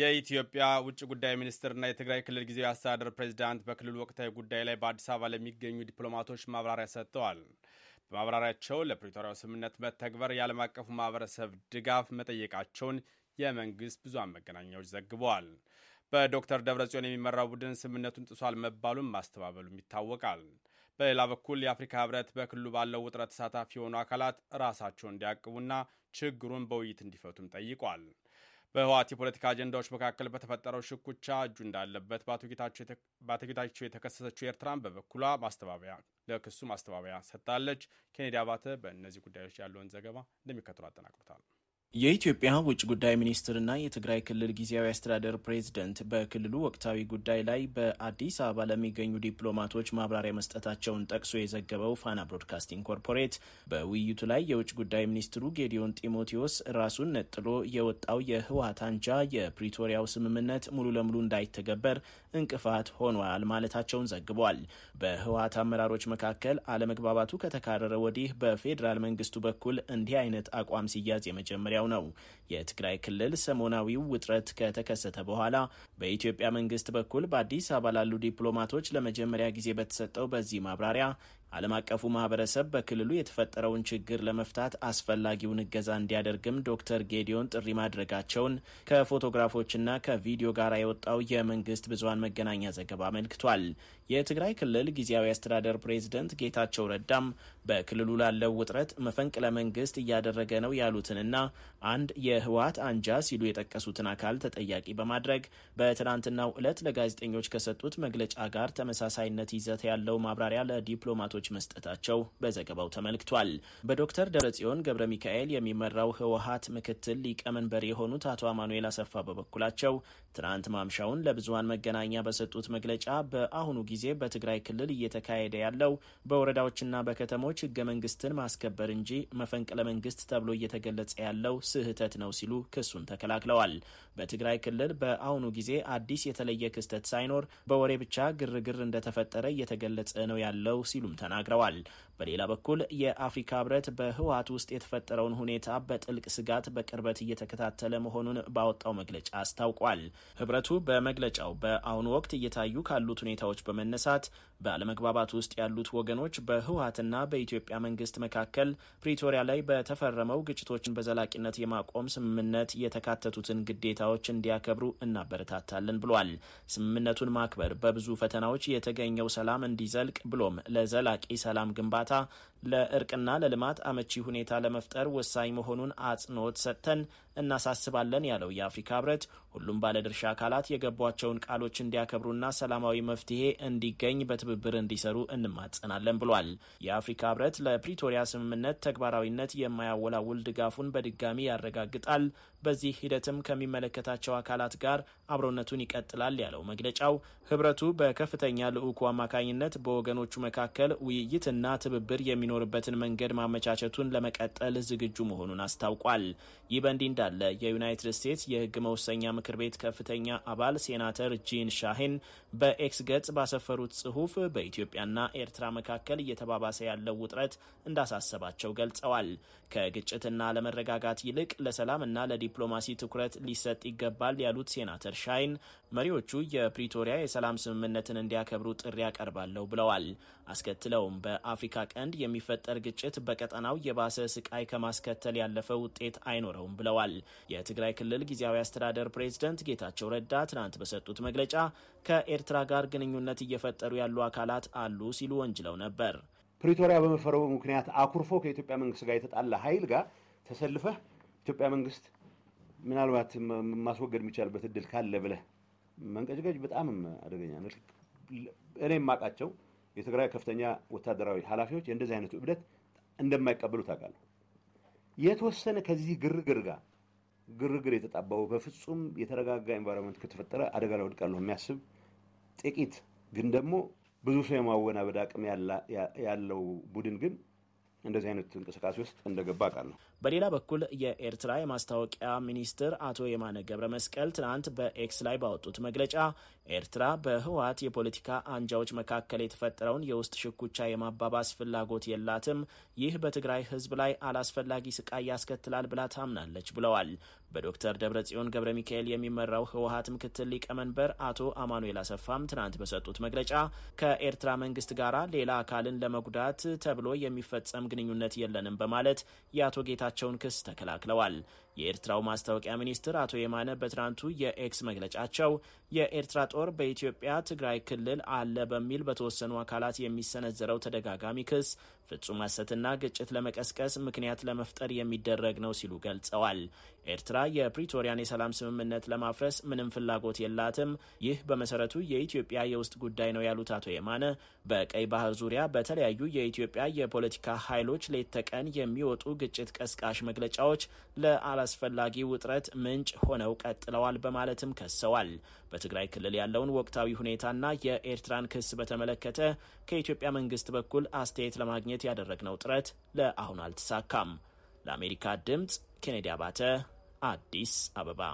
የኢትዮጵያ ውጭ ጉዳይ ሚኒስትርና የትግራይ ክልል ጊዜያዊ አስተዳደር ፕሬዚዳንት በክልሉ ወቅታዊ ጉዳይ ላይ በአዲስ አበባ ለሚገኙ ዲፕሎማቶች ማብራሪያ ሰጥተዋል። በማብራሪያቸው ለፕሪቶሪያው ስምምነት መተግበር የዓለም አቀፉ ማህበረሰብ ድጋፍ መጠየቃቸውን የመንግስት ብዙሃን መገናኛዎች ዘግበዋል። በዶክተር ደብረጽዮን የሚመራው ቡድን ስምምነቱን ጥሷል መባሉን ማስተባበሉም ይታወቃል። በሌላ በኩል የአፍሪካ ህብረት በክልሉ ባለው ውጥረት ተሳታፊ የሆኑ አካላት ራሳቸውን እንዲያቅቡና ችግሩን በውይይት እንዲፈቱም ጠይቋል። በህወሓት የፖለቲካ አጀንዳዎች መካከል በተፈጠረው ሽኩቻ እጁ እንዳለበት በአቶ ጌታቸው የተከሰሰችው ኤርትራን በበኩሏ ማስተባበያ ለክሱ ማስተባበያ ሰጥታለች። ኬኔዲ አባተ በእነዚህ ጉዳዮች ያለውን ዘገባ እንደሚከተሉ አጠናቅሮታል። የኢትዮጵያ ውጭ ጉዳይ ሚኒስትርና የትግራይ ክልል ጊዜያዊ አስተዳደር ፕሬዝደንት በክልሉ ወቅታዊ ጉዳይ ላይ በአዲስ አበባ ለሚገኙ ዲፕሎማቶች ማብራሪያ መስጠታቸውን ጠቅሶ የዘገበው ፋና ብሮድካስቲንግ ኮርፖሬት በውይይቱ ላይ የውጭ ጉዳይ ሚኒስትሩ ጌዲዮን ጢሞቴዎስ ራሱን ነጥሎ የወጣው የህወሀት አንጃ የፕሪቶሪያው ስምምነት ሙሉ ለሙሉ እንዳይተገበር እንቅፋት ሆኗል ማለታቸውን ዘግቧል። በህወሀት አመራሮች መካከል አለመግባባቱ ከተካረረ ወዲህ በፌዴራል መንግስቱ በኩል እንዲህ አይነት አቋም ሲያዝ የመጀመሪያ መጀመሪያው ነው። የትግራይ ክልል ሰሞናዊው ውጥረት ከተከሰተ በኋላ በኢትዮጵያ መንግስት በኩል በአዲስ አበባ ላሉ ዲፕሎማቶች ለመጀመሪያ ጊዜ በተሰጠው በዚህ ማብራሪያ ዓለም አቀፉ ማህበረሰብ በክልሉ የተፈጠረውን ችግር ለመፍታት አስፈላጊውን እገዛ እንዲያደርግም ዶክተር ጌዲዮን ጥሪ ማድረጋቸውን ከፎቶግራፎችና ከቪዲዮ ጋር የወጣው የመንግስት ብዙሀን መገናኛ ዘገባ አመልክቷል። የትግራይ ክልል ጊዜያዊ አስተዳደር ፕሬዝደንት ጌታቸው ረዳም በክልሉ ላለው ውጥረት መፈንቅለ መንግስት እያደረገ ነው ያሉትንና አንድ የህወሀት አንጃ ሲሉ የጠቀሱትን አካል ተጠያቂ በማድረግ በትናንትናው ዕለት ለጋዜጠኞች ከሰጡት መግለጫ ጋር ተመሳሳይነት ይዘት ያለው ማብራሪያ ለዲፕሎማቶች አስተያየቶች መስጠታቸው በዘገባው ተመልክቷል። በዶክተር ደብረጽዮን ገብረ ሚካኤል የሚመራው ህወሀት ምክትል ሊቀመንበር የሆኑት አቶ አማኑኤል አሰፋ በበኩላቸው ትናንት ማምሻውን ለብዙሀን መገናኛ በሰጡት መግለጫ በአሁኑ ጊዜ በትግራይ ክልል እየተካሄደ ያለው በወረዳዎችና በከተሞች ህገ መንግስትን ማስከበር እንጂ መፈንቅለ መንግስት ተብሎ እየተገለጸ ያለው ስህተት ነው ሲሉ ክሱን ተከላክለዋል። በትግራይ ክልል በአሁኑ ጊዜ አዲስ የተለየ ክስተት ሳይኖር በወሬ ብቻ ግርግር እንደተፈጠረ እየተገለጸ ነው ያለው ሲሉም ተናል። ተናግረዋል። በሌላ በኩል የአፍሪካ ህብረት በህወሀት ውስጥ የተፈጠረውን ሁኔታ በጥልቅ ስጋት በቅርበት እየተከታተለ መሆኑን ባወጣው መግለጫ አስታውቋል። ህብረቱ በመግለጫው በአሁኑ ወቅት እየታዩ ካሉት ሁኔታዎች በመነሳት በአለመግባባት ውስጥ ያሉት ወገኖች በህወሀትና በኢትዮጵያ መንግስት መካከል ፕሪቶሪያ ላይ በተፈረመው ግጭቶችን በዘላቂነት የማቆም ስምምነት የተካተቱትን ግዴታዎች እንዲያከብሩ እናበረታታለን ብሏል። ስምምነቱን ማክበር በብዙ ፈተናዎች የተገኘው ሰላም እንዲዘልቅ ብሎም ለዘላቂ ዘላቂ ሰላም ግንባታ ለእርቅና ለልማት አመቺ ሁኔታ ለመፍጠር ወሳኝ መሆኑን አጽንኦት ሰጥተን እናሳስባለን ያለው የአፍሪካ ህብረት ሁሉም ባለድርሻ አካላት የገቧቸውን ቃሎች እንዲያከብሩና ሰላማዊ መፍትሄ እንዲገኝ በትብብር እንዲሰሩ እንማጸናለን ብሏል። የአፍሪካ ህብረት ለፕሪቶሪያ ስምምነት ተግባራዊነት የማያወላውል ድጋፉን በድጋሚ ያረጋግጣል፣ በዚህ ሂደትም ከሚመለከታቸው አካላት ጋር አብሮነቱን ይቀጥላል ያለው መግለጫው ህብረቱ በከፍተኛ ልዑኩ አማካኝነት በወገኖቹ መካከል ውይይትና ትብብር የሚኖርበትን መንገድ ማመቻቸቱን ለመቀጠል ዝግጁ መሆኑን አስታውቋል። ይህ በእንዲህ እንዳለ የዩናይትድ ስቴትስ የህግ መወሰኛ ምክር ቤት ከፍተኛ አባል ሴናተር ጂን ሻሂን በኤክስ ገጽ ባሰፈሩት ጽሁፍ በኢትዮጵያና ኤርትራ መካከል እየተባባሰ ያለው ውጥረት እንዳሳሰባቸው ገልጸዋል። ከግጭትና ለመረጋጋት ይልቅ ለሰላምና ለዲፕሎማሲ ትኩረት ሊሰጥ ይገባል ያሉት ሴናተር ሻይን መሪዎቹ የፕሪቶሪያ የሰላም ስምምነትን እንዲያከብሩ ጥሪ ያቀርባለሁ ብለዋል። አስከትለውም በአፍሪካ ቀንድ የሚፈጠር ግጭት በቀጠናው የባሰ ስቃይ ከማስከተል ያለፈ ውጤት አይኖረውም ብለዋል። የትግራይ ክልል ጊዜያዊ አስተዳደር ፕሬዝደንት ጌታቸው ረዳ ትናንት በሰጡት መግለጫ ከኤርትራ ጋር ግንኙነት እየፈጠሩ ያሉ አካላት አሉ ሲሉ ወንጅለው ነበር። ፕሪቶሪያ በመፈረሙ ምክንያት አኩርፎ ከኢትዮጵያ መንግስት ጋር የተጣላ ኃይል ጋር ተሰልፈህ ኢትዮጵያ መንግስት ምናልባት ማስወገድ የሚቻልበት እድል ካለ ብለህ መንቀጭቀጭ በጣም አደገኛ ነው። እኔ የማውቃቸው የትግራይ ከፍተኛ ወታደራዊ ኃላፊዎች የእንደዚህ አይነቱ እብደት እንደማይቀበሉ ታውቃለሁ። የተወሰነ ከዚህ ግርግር ጋር ግርግር የተጣባው በፍጹም የተረጋጋ ኤንቫይሮንመንት ከተፈጠረ አደጋ ላይ ወድቃለሁ የሚያስብ ጥቂት ግን ደግሞ ብዙ ሰው የማወናበድ አቅም ያለው ቡድን ግን እንደዚህ አይነት እንቅስቃሴ ውስጥ እንደገባ አውቃለሁ። በሌላ በኩል የኤርትራ የማስታወቂያ ሚኒስትር አቶ የማነ ገብረ መስቀል ትናንት በኤክስ ላይ ባወጡት መግለጫ ኤርትራ በህወሀት የፖለቲካ አንጃዎች መካከል የተፈጠረውን የውስጥ ሽኩቻ የማባባስ ፍላጎት የላትም፣ ይህ በትግራይ ህዝብ ላይ አላስፈላጊ ስቃይ ያስከትላል ብላ ታምናለች ብለዋል። በዶክተር ደብረጽዮን ገብረ ሚካኤል የሚመራው ህወሀት ምክትል ሊቀመንበር አቶ አማኑኤል አሰፋም ትናንት በሰጡት መግለጫ ከኤርትራ መንግስት ጋር ሌላ አካልን ለመጉዳት ተብሎ የሚፈጸም ግንኙነት የለንም በማለት የአቶ ጌታቸውን ክስ ተከላክለዋል። የኤርትራው ማስታወቂያ ሚኒስትር አቶ የማነ በትናንቱ የኤክስ መግለጫቸው የኤርትራ ጦር በኢትዮጵያ ትግራይ ክልል አለ በሚል በተወሰኑ አካላት የሚሰነዘረው ተደጋጋሚ ክስ ፍጹም ሐሰትና ግጭት ለመቀስቀስ ምክንያት ለመፍጠር የሚደረግ ነው ሲሉ ገልጸዋል። ኤርትራ የፕሪቶሪያን የሰላም ስምምነት ለማፍረስ ምንም ፍላጎት የላትም፣ ይህ በመሰረቱ የኢትዮጵያ የውስጥ ጉዳይ ነው ያሉት አቶ የማነ በቀይ ባህር ዙሪያ በተለያዩ የኢትዮጵያ የፖለቲካ ኃይሎች ሌት ተቀን የሚወጡ ግጭት ቀስቃሽ መግለጫዎች ለአላስፈላጊ ውጥረት ምንጭ ሆነው ቀጥለዋል በማለትም ከሰዋል። በትግራይ ክልል ያለውን ወቅታዊ ሁኔታና የኤርትራን ክስ በተመለከተ ከኢትዮጵያ መንግስት በኩል አስተያየት ለማግኘት ለማግኘት ያደረግነው ጥረት ለአሁን አልተሳካም። ለአሜሪካ ድምፅ ኬኔዲ አባተ አዲስ አበባ